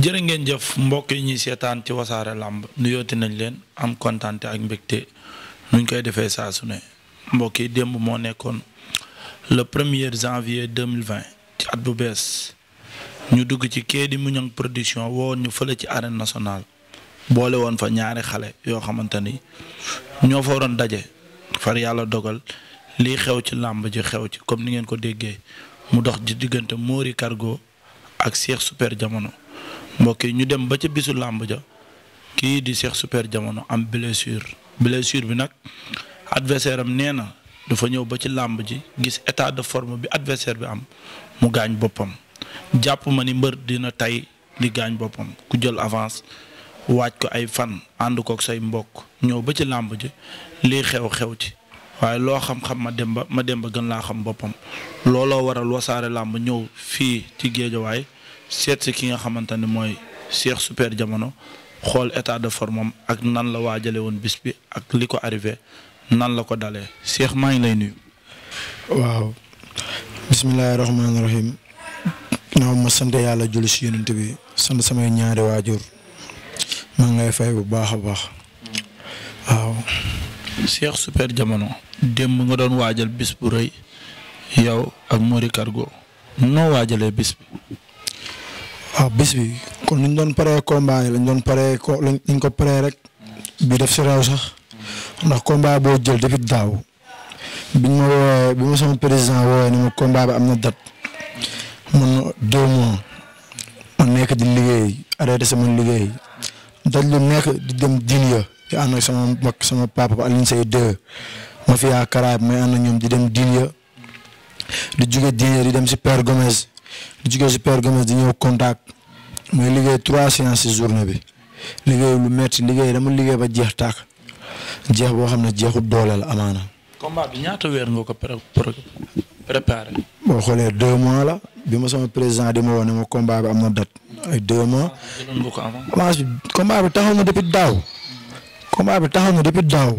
jërë ngeen jëf mbokk yi ñuy seetaan ci wasaare làmb nuyooti nañ leen am kontaan ak mbégte nuñ koy defee saa su ne mbokk yi démb moo nekkoon le premier janvier deux mille vingt ci at bu bees ñu dugg ci Kédougou Niang production woon ñu fële ci arène national boole woon fa ñaari xale yoo xamante ni ñoo fa waroon daje far yàlla dogal lii xew ci làmb ji xew ci comme ni ngeen ko déggee mu dox ci diggante moori Cargo ak Cheikh Super Jamono. mbokk yi ñu dem ba ca bisu làmb ja kii di Cheikh Super Jamono am blessure blessure bi nag adversaire am nee na dafa ñëw ba ci làmb ji gis état de forme bi adversaire bi am mu gaañ boppam jàpp ma ni mbër dina tey di gaañ boppam ku jël avance waaj ko ay fan ànd kook say mbokk ñëw ba ci làmb ji lii xew-xew ci waaye loo xam-xam ma dem ma dem gën laa xam boppam looloo waral wasaare làmb ñëw fii ci géejawaay seet si ki nga xamante ne mooy Cheikh Super Jamono xool état de forme ak nan la waajale woon bis bi ak li ko arrivé nan la ko dalee Cheikh maa ngi lay nuyu. waaw bisimilah rahmaani rahim naa ma sant yàlla julli si yonent bi sant samay ñaari waajur maa ngi fay bu baax a baax waaw. Super Jamono démb nga doon waajal bis bu rëy yow ak Mori Cargo noo waajalee bis bi. waaw ah, bis bi kon ni doon pare combat yi lañ doon paree ko lañ ko paree rek bi def si réew sax ndax combat boo jël depuis daaw biñ ma woowee bi ma sama président woowee ni ma combat bi am na date mun deux mois ma nekk di liggéey arrêté sama liggéey daj lu nekk di dem diin ya di ànd ak sama mag sama papa Alioune Seye 2 ma fi yaakaraay may ànd ak ñoom di dem diin ya di jóge diin ya di dem si per Gomez lu jógee si Père Gomes di ñëw contact muy liggéey trois séances si bi liggéey lu metti liggéey dama liggéey ba jeex tàkk jeex boo xam ne jeexut doole la amaana. combat ñaata weer nga ko préparé. boo xoolee deux mois la bi ma sama président di ma wax ne ma combat bi am na date ay deux mois. Ah, avance bi combat bi taxaw na depuis daaw. combat bi taxaw na depuis daaw.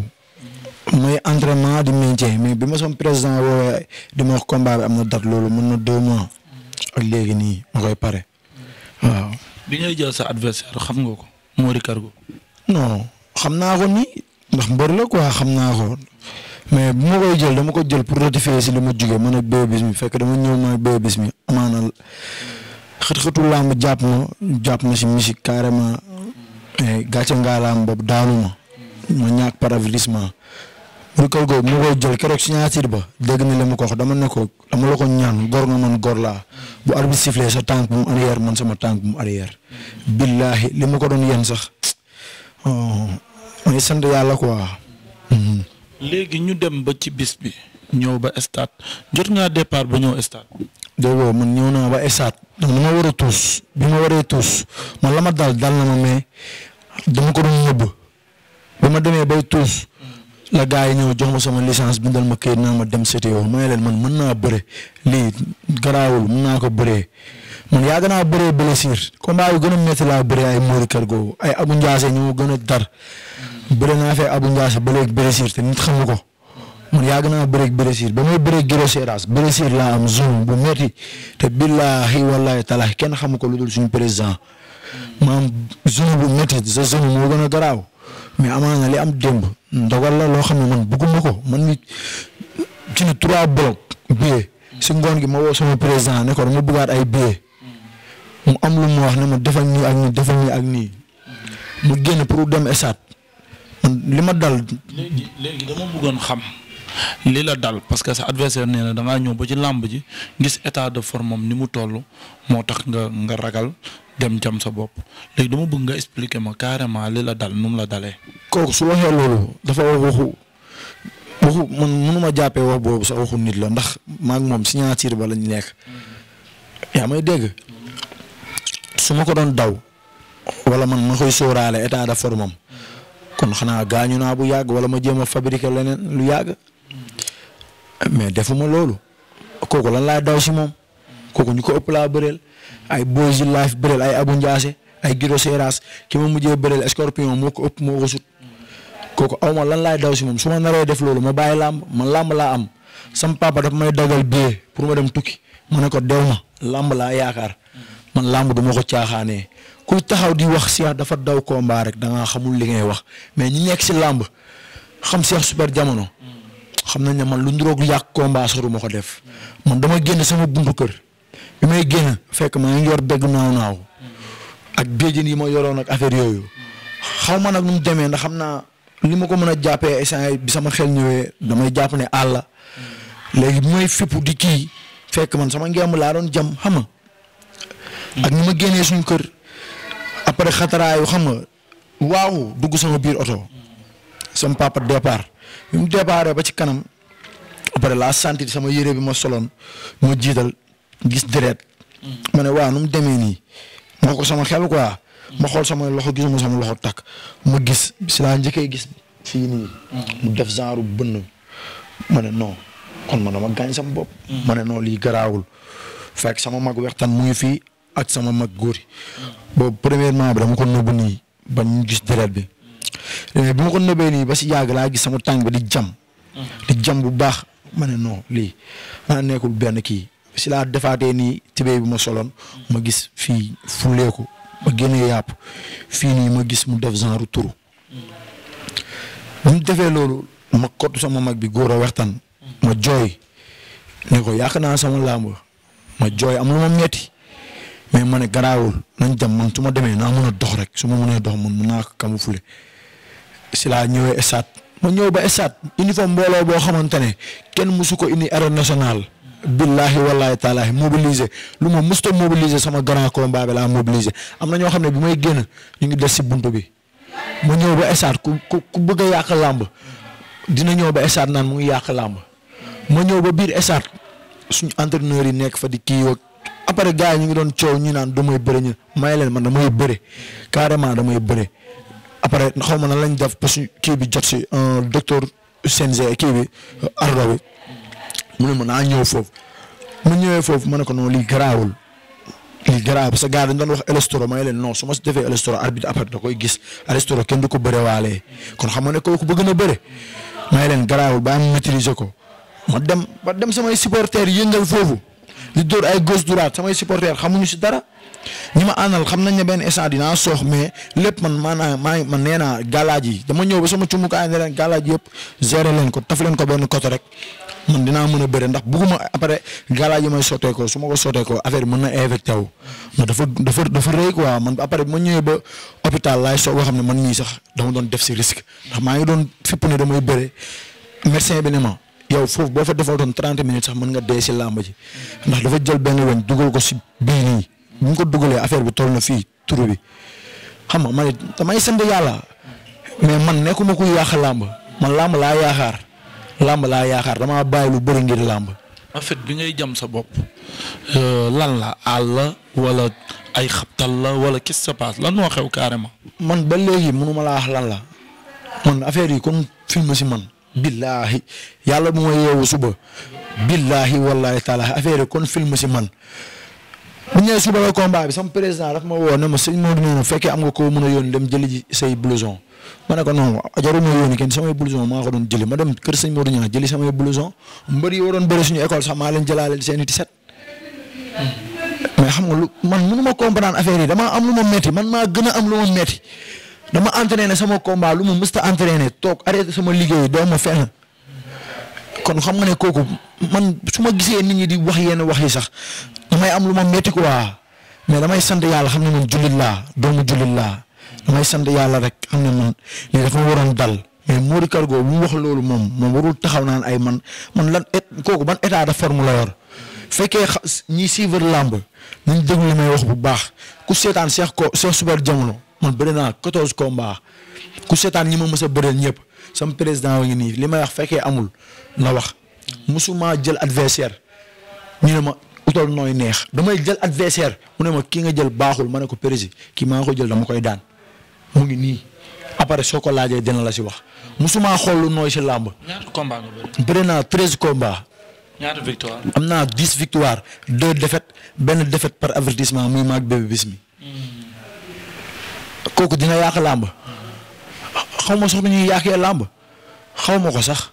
mooy entraînement di maintien mais bi ma sama président woowee di ma wax combat bi am na date loolu mën na deux mois. ak léegi nii ma koy pare waaw. bi ngay jël sa adversaire xam nga ko Mori Cargo. non xam naa ko ni ndax mbër la quoi xam naa ko mais bu ma koy jël dama ko jël pour ratifier si li ma jugee a ak bis Bismi fekk dama ñëw man ak Bébé Bismi amaana xët-xëtu làmb jàpp ma jàpp ma si musique carrément gàcce ngaalaam boobu daanu ma ma ñàkk par mu ne kër googu mu koy jël keroog signature ba dégg na li ma ko wax dama ne ko dama la ko ñaan góor nga man góor laa bu arbitre sa tànk bu mu arrière man sama tànk mu arrière. billahi li ma ko doon yéen sax may oh, sant yàlla quoi. léegi ñu dem ba ci bis bi. ñëw ba stade jot ngaa départ ba ñëw stade. déggoo man ñëw naa ba stade. donc ni ma war a tuus bi ma waree tuus ma la ma dal dal na ma mais dama ko doon ñëbb ba ma demee bay tuus. la gars yi ñëw jox ma sama licence bindal ma kayit naa ma dem CTO ma ne leen man mën naa bëre lii garaawul mën naa ko bëree man yàgg naa bëree blessure combat yu gën a métti laa bëree ay Mori Kargo ay Abu gën a dar bëre naa fee Abu Ndiasse bëreeg blessure te ko man yàgg naa bëreeg blessure ba may bëreeg Giro Seras blessure laa am zoom bu métti te billaahi wallaahi talaahi kenn xamu ko lu dul suñu président maam zoom bu métti sa zoom moo gën a garaaw mais amaana li am démb. ndogal la loo xam ne man bëgguma ko man mi ci ni trois blocs billets si ngoon gi ma woo sama président ne ko dama bëggaat ay billets am lu mu wax ne ma defal nii ak nii defal nii ak nii mu génn pour dem esaat man li ma dal. léegi léegi dama bëggoon xam. li la dal parce que sa adversaire nee na da ngaa ñëw ba ci làmb ji gis état de forme am ni mu toll moo tax nga nga ragal dem jam sa bopp léegi dama bëgg nga expliquer ma carrément li la dal nu mu la dalee. kooku su waxee loolu dafa waxu waxu man mënuma jàppee wax boobu sa waxu nit la ndax maak moom signature ba lañ nekk. yaa may dégg su ma ko doon daw wala man ma koy sóoraale état de forme am kon xanaa gaañu naa bu yàgg wala ma jéem a fabriquer leneen lu yàgg. mais defuma loolu kooku lan laay daw si moom kooku ñu ko ëpp laa bëreel ay Boyz Life bëreel ay Abou ay Guiro ki ma mujjee bëreel Scorpion moo ko ëpp moo ko sut kooku awma lan laay daw si moom su ma naree def loolu ma bàyyi làmb man làmb laa am sam papa dafa may dagal billet pour ma dem tukki ma ne ko dew ma làmb laa yaakaar man làmb du ma ko caaxaanee ku taxaw di wax Cheikh dafa daw combat rek da nga xamul li ngay wax mais ñu nekk si làmb xam Cheikh Super Diamono xam nañ ne man lu nduroog yàq combat sax du ma ko def man dama génn sama buntu kër bi may génn fekk ma ngi yor begg naaw naaw ak béjjén yi ma yoroon ak affaire yooyu xaw ma nag nu mu demee ndax xam naa li ma ko mën a jàppee instant bi sama xel ñëwee damay jàpp ne àll léegi bi may fippu di kii fekk man sama ngemb laa doon jam xam nga ak ni ma génnee suñu kër après xataraayu xam nga waaw dugg sama biir oto sama papa départ bi mu déparé ba ci kanam après laa sentir sama yére bi ma soloon ma jiital gis deret mm. ma ne waa nu mu demee nii moo ko sama xel quoi. ma xool sama loxo gisuma sama loxo takk ma gis si laa njëkkee gis fii nii. Mm. mu def genre bënn ma ne non kon man dama gaañ sama bopp. Mm. ma ne non lii garaawul fekk sama mag waxtaan mu ngi fii ak sama mag góor boobu premièrement bi dama ko nëbb nii ba ñu gis deret bi. léegi eh, bi ma ko nëbee nii ba si yàgg laa gis sama tànk bi di jam. di jam bu baax ma ne non lii ma nekkul benn kii si laa defaatee nii tibee bi ma soloon ma gis fii fuleeku ma génnee yàpp fii nii ma gis mu def genre turu. mu defee loolu ma kottu sama mag bi góor a waxtaan. ma jooy ne ko yàq naa sama làmb ma jooy am lu ma metti mais ma ne garaawul nañ dem man su ma demee naa mën a dox rek su ma mënee dox man mën naa ko kamufule si laa ñëwee stade ma ñëw ba stade uniforme mbooloo boo xamante ne kenn mësu ko indi arène nationale. billahi wallahi taalaahi mobiliser lu ma mës ta mobiliser sama grand combat bi laa mobiliser am na ñoo xam ne bi may génn ñu ngi des si bunt bi ma ñëw ba stade ku ku ku bëgg yàq làmb dina ñëw ba stade naan mu ngi yàq làmb ma ñëw ba biir stade suñu entraîneurs yi nekk fa di kii yoog après gars yi ñu ngi doon coow ñu naan damay bëri ñu may leen man damay bëri carrément damay bëri. après xaw ma nan lañ def parce que kii bi jot si euh, docteur CNG kii bi euh, ardo mu ne ma naa ñëw foofu mu ñëwee foofu ma ne ko noonu lii garaawul lii garaaw parce que gars dañ doon wax elestoro ma ne leen non su ma si defee elestoro arbitre après da koy gis elestoro kenn du ko bëre waalee kon xam nga ne ko bëgg na bëre ma ne leen garaawul ba am maîtriser ko ma dem ba dem samay supporters yëngal foofu di dóor ay gauche droite samay supporters ñu si dara. ñi ma àndal xam na ne benn instant dinaa soox mais lépp man maanaa maa man nee naa galaaj yi dama ñëw ba sama cumukaay ne leen galaaj yëpp gérer leen ko taf leen ko benn côté rek man dinaa mën a bëre ndax bugguma après galaaj yi may soteekoo su ma ko sottee ko affaire bi mën na infecté wu mais dafa dafa dafa rëy quoi man après ma ba hôpital laay soog a xam ne man ñii sax dama doon def si risque ndax maa ngi doon fipp ne damay bëre médecin bi ne ma yow foofu boo fa defal doon trente minutes sax mën nga dee si làmb ji ndax dafa jël benn weñ dugal ko si mu ko dugalee affaire bi toll na fii turu bi xam nga man it damay sant yàlla mais man nekkuma ku yàq làmb man làmb laa yaakaar làmba laa yaakaar damaa bàyyi lu bëri ngir làmb. en fait bi ngay jam sa bopp euh, lan la àll wala ay xabtal la wala quest lan moo xew carrément. man ba léegi mënuma laa wax lan la man affaire yi comme film si man. billaahi yàlla bu ma yeewu suba. billaahi wallaahi taala affaire yi kon film si man. bu ñëwee si boobu combat bi sama président daf ma woo ne ma sëñ Maodo nee na fekkee am nga koo mën a yónni dem jëli say blouson ma ne ko non jarul ma yónni kenn samay blouson maa ko doon jëli ma dem kër sëñ Maodo ñaa jëli samay blouson mbër yi waroon bëri suñu école sax maa leen jëlaale seen i set mais xam nga lu man mënu ma comprendre affaire yi damaa am lu ma metti man maa gën a am lu ma metti dama entraîné sama combat lu ma mësta entraîné toog arrêté sama liggéey doo ma fenn kon xam nga ne kooku man su ma gisee nit ñi di wax yenn wax yi sax damay am lu ma métti quoi mais damay sant yàlla xam ne man jullit laa doomu jullit laa damay sant yàlla rek xam ne man lii dafa waroon dal mais Mory Cargo bu mu wax loolu moom moom warul taxaw naan ay man lan et kooku ban état de forme la yor fekkee xa ñiy suivre làmb nañ déglu li may wax bu baax ku seetaan Cheikh ko Cheikh Super Diamono man bëri naa quatorze combats ku seetaan ñi ma mës a ñëpp. sama président wa ngi nii li may wax fekkee amul na wax musuma jël adversaire ñu ne ma utal nooy neex damay jël adversaire mu ne ma kii nga jël baaxul ma ne ko président kii maa nga ko jël dama koy daan mu ngi nii après soo ko laajee dina la si wax musuma xool lu nooy si làmb. ñaata combat nga bëri naa treize combat. ñaata victoire. am naa dix victoire deux défaites benn défaite par avertissement muy maag bébé bis mi. Hmm. kooku dina yàq làmb. xaw ma sax dañuy yaakee làmb xaw ma ko sax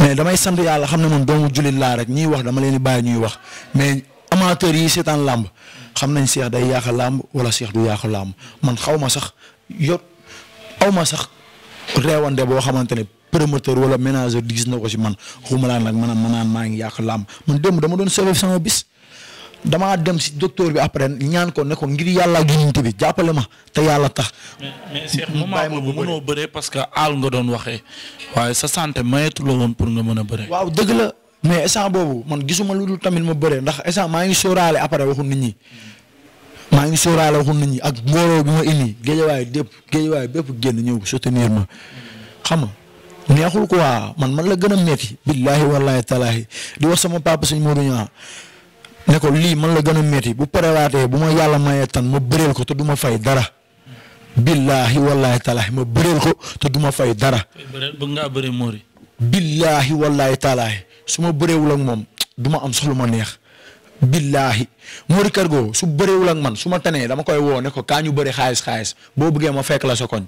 mais damay sant yàlla xam ne man doomu jullit laa rek ñuy wax dama leen di bàyyi ñuy wax mais amateurs yi seetaan làmb xam nañ seex day yàq làmb wala seex du yàq làmb man xaw ma sax yot aw ma sax reewande boo xamante ne promoteur wala ménageur di gis na ko si man xuma laa nag man naan maa ngi yàq làmb man démb dama doon sauver sama bis. damaa dem si docteur bi après ñaan ko ne ko ngir yàlla ginante bi jàppale ma te yàlla tax. mais mais Cheikh moment boobu parce que aal nga doon waxee waaye sa santé mayetu la pour nga mën a bëree. waaw dëgg la mais instant boobu man gisuma lu tamit ma bëree ndax instant maa ngi sóoraale après waxu nit ñi. maa ngi sóoraale waxu nit ñi ak mbooloo bi ma indi géejawaay dépp géejawaay bépp génn ñëw soutenir ma xam nga neexul waa man man la gën a metti billaahi wallaahi talaahi di wax sama papa suñ Modou Niang ne ko lii man la gën a métti bu parewaatee bu ma yàlla mayee tan ma bëreel ko te du ma fay dara. billaahi wallaahi taalaahi ma bëreel ko te du fay dara. bëgg ngaa bëri Mori. billaahi wallaahi taalaahi su ma bëreewul ak moom du ma am soxla ma neex. billaahi Mori Cargo su bëreewul ak man su ma tanee dama koy woo ne ko kaa ñu bëri xaalis xaalis boo bëggee ma fekk la sa koñ.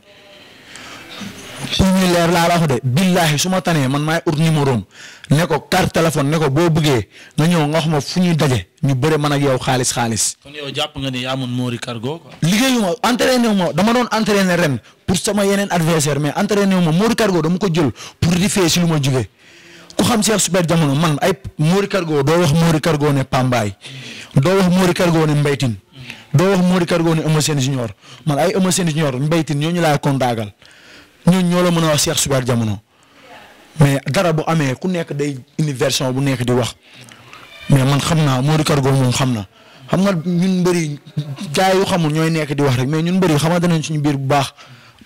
si ñuy leer laa wax de billahi su ma tanee man maay ut numéro ne ko carte téléphone boo bëggee nga ñëw nga wax ma fu ñuy daje ñu bëre man ak yow xaalis xaalis. kon yow jàpp nga ni yaa amoon Mori Cargo quoi. liggéeyu ma entraîné wu ma dama doon entraîné ren pour sama yeneen adversaire mais entraîné wu ma Mori Cargo dama ko jël pour di si lu ma jugee ku xam Cheikh Super Diamono man ay Mori Cargo doo wax Mori Cargo ne Pambaay doo wax Mori Cargo ne Mbaytin doo wax Mori Cargo ne Eumeu Sène Junior ñun ñoo la mën a wax Cheikh Super jamono mais dara bu amee ku nekk day indi bu nekk di wax mais man xam naa Modou Cargo moom xam na xam nga ñun bëri gaa yu xamul ñooy nekk di wax rek mais ñun xam bëri xamante nañ ñu biir bu baax.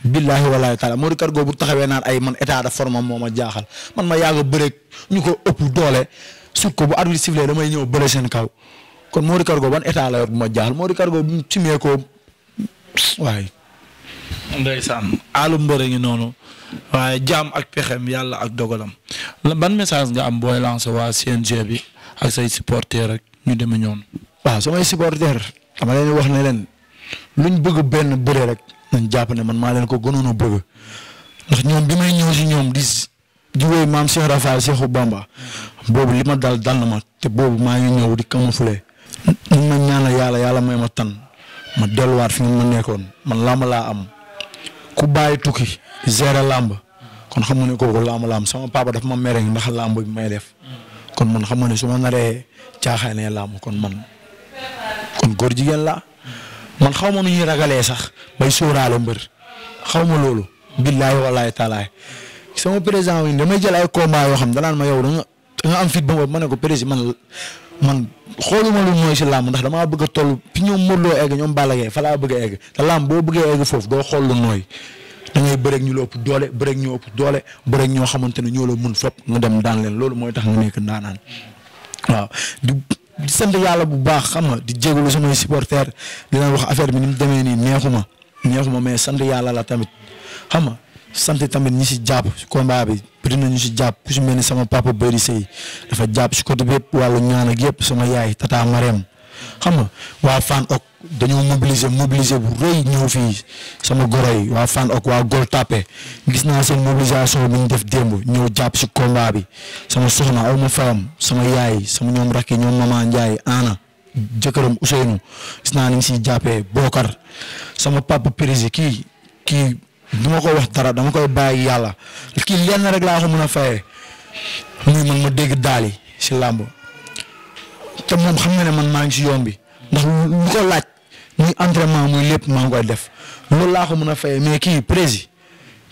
billahi walaay taala Modou Cargo bu taxawee naan ay man état de forme moo ma jaaxal man ma yàgg a bëre ñu ko ëpp doole sut ko bu arbitre damay ñëw bëre seen kaw kon Modou Cargo ban état la yor bu ma jaaxal Modou Cargo bu mu simee ko ndeysaan aalu mbëre ngi noonu waaye jaam ak pexem yàlla ak dogalam ban message nga am booy lancé waa CNG bi ak say supporter rek ñu demee ñoonu waaw samay supporter dama leen wax ne leen luñ bëgg benn bëre rek nañ jàpp ne man maa leen ko gënoon a bëgg ndax ñoom bi may ñëw si ñoom di di wéy maam Cheikh Rafaal Cheikhou Bamba boobu li ma dal dal na ma te boobu maa ngi ñëw di camoufler mun ma ñaanal yàlla yàlla may ma tan ma delluwaat fi ma nekkoon man làmb laa am ku bàyyi tukki gérer làmb kon xam nga ko kooku làmb làmb sama papa dafa ma mere ndax làmb bi may kon man xam nga ne su ma naree ne làmb kon man kon góor gen la man xaw ma nu ñuy ragalee sax bay sóoraale mbër xaw ma loolu. billaay walaay taalaay sama président yi damay jël ay combat yoo xam danaan ma yow da nga am fit ba ma ne ko président man man xooluma lu mooy si làmb ndax damaa bëgg a toll fi ñoom Modou Lo egg ñoom Balla Gaye fa laa bëgg a egg te làmb boo bëggee egg foofu doo xool lu nooy da ngay bëreeg ñu la ëpp doole bëreeg ñoo ëpp doole bëreeg ñoo xamante ne ñoo la mun fopp nga dem daan leen loolu mooy tax nga nekk ndaanaan waaw di di sant yàlla bu baax xam nga di jégalu samay supporters di leen wax affaire bi ni mu demee nii neexuma neexuma mais sant yàlla la tamit xam nga sant tamit ñi si jàpp si combat bi bëri na ñu si jàpp ku si ni sama papa Bari Sey dafa jàpp si côté bépp wàllu ñaan ak yëpp sama yaay tata Marème xam nga waa Fan ok dañoo mobiliser mobiliser bu rëy ñëw fii sama goro yi waa Fan ok waa Gol Tappé gis naa seen mobilisation bi ñu def démb ñëw jàpp si combat bi sama soxna aw ma fayam sama yaay sama ñoom rakki ñoom mama Ndiaye ana jëkkëram Ousseynou gis naa ni ñu siy jàppee Bokar sama papa Périse kii. du ma ko wax dara dama koy bàyyi yàlla kii lenn rek laa ko mën a fayee muy man ma dégg daali yi si làmb te moom xam nga ne man maa ngi si yoon bi ndax lu ko laaj muy entraînement muy lépp maa ngi koy def loolu laa ko mën a fayee mais kii prési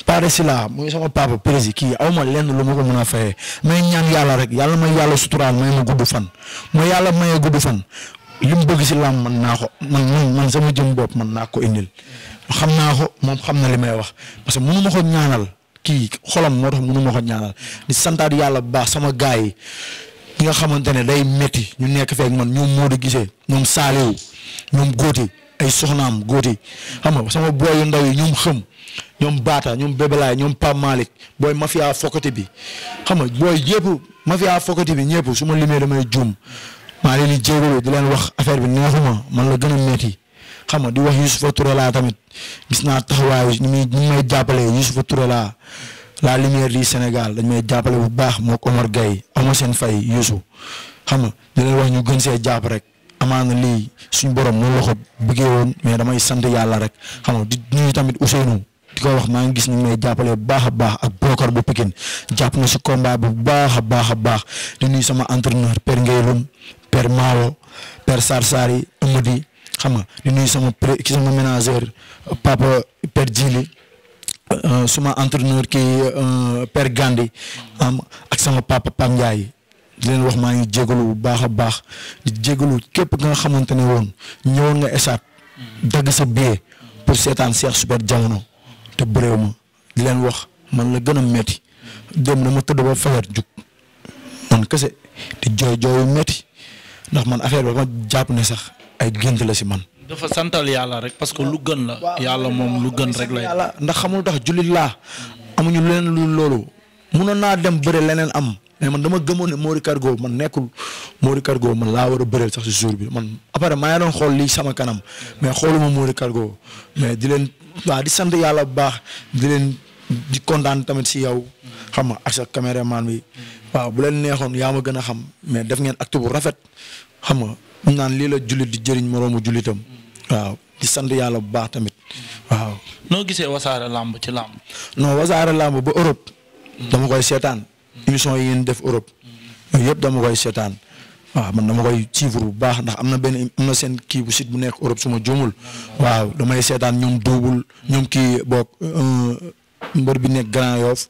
pare si laa muy sama papa prési kii aw ma lenn lu ma ko mën a fayee may ñaan yàlla rek yàlla may yàlla suturaal may ma gudd fan moo yàlla may gudd fan li mu si làmb man naa ko man man sama jëm bopp man naa ko indil. xam naa ko moom xam na li may wax parce que mënu ko ñaanal kii xolam moo tax mënu ma ko ñaanal di santaat yàlla bu baax sama gars yi ñi nga xamante ne day metti ñu nekk feek man ñoom moo di Gisee ñoom Saliou ñoom góoti ay soxnaam góoti xam nga sama booy yu ndaw yi ñoom xëm ñoom Baata ñoom Bébelaay ñoom Pape Malick booy mafia fokkati bi xam nga booy yëpp mafia fokkati bi ñëpp su ma limee damay juum maa leen di jégalu di leen wax affaire bi neexuma man la gën a metti xam nga di wax Youssoupha Touré laa tamit gis naa taxawaayu ñu muy ñu may jàppale Youssoupha Touré laa la lumière du Sénégal dañ may jàppale bu baax mook Omar Gueye ama seen fay Youssou xam nga di leen wax ñu gën see jàpp rek amaana lii suñu borom noonu la ko bëggee woon mais damay sant yàlla rek xam nga di nuyu tamit Ousseynou di ko wax maa ngi gis nu may jàppale bu baax a baax ak brokar bu Pikine jàpp na si combat bu baax a baax a baax di nuyu sama entraîneur Père Ngaylum Père Malo Père Sarsari Amady xam nga sama pré ki sama ménageur papa Père Djili euh, suma entraîneur kii euh, Père Gandhi am di leen wax maa ngi jégalu bu baax a baax jégalu képp nga xamante ni woon ñëwoon nga esaat dagg sa billet pour seetaan Cheikh Super Diamono te bëréew di leen wax man la gën a metti dem dama tëdd ba fajar jug man kese di jooy jooyu metti ndax man affaire ba ma jàpp ne sax ay gént la si man. dafa santal yàlla rek parce que lu gën la. yàlla moom lu gën rek lay. yàlla ndax xamul tax jullit laa. amuñu leneen lu loolu. munoon naa dem bëre leneen am. mais man dama gëmoon ne Mori Cargo man nekkul Mori Cargo man laa war a sax si jour bi man après maa ngi doon xool lii sama kanam mais xooluma Mori Cargo mais di leen waa di sant yàlla bu baax di leen di kontaan tamit si yow xam nga ak sa caméraman bi mm. waaw bu leen neexoon yaa ma gën a xam mais def ngeen acte bu rafet xam nga ñu lii la jullit di jëriñ moroomu jullitam waaw di sant yàlla bu baax tamit waaw. noo gisee wasaare làmb ci làmb. non wasaare làmb ba Europe. dama koy seetaan. Mm. émission yi ngeen def Europe. Mm. yooyu yëpp dama koy seetaan. waaw man dama koy suivre bu baax ndax am na benn am na seen kii bu sit bu nekk Europe suma ma jumul waaw damay seetaan ñoom duubul ñoom kii boog euh, mbër bi nekk Grand Yoff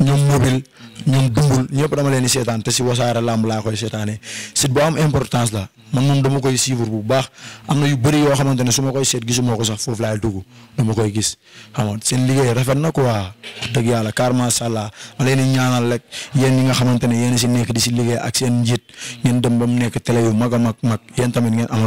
ñoom mobile ñoom dumbul ñëpp dama leen di seetaan te si wasaare làmb laa koy seetaanee site bu am importance la man moom dama koy suivre bu baax am na yu bëri yoo xamante ne su ma koy seet gisuma ko sax foofu laay dugg dama koy gis xam seen liggéey rafet na quoi dëgg yàlla car macha allah ma leen di ñaanal rek yéen ñi nga xamante ne yéen si nekk di si liggéey ak seen njiit ngeen dem ba nekk télé yu mag a mag mag tamit ngeen amal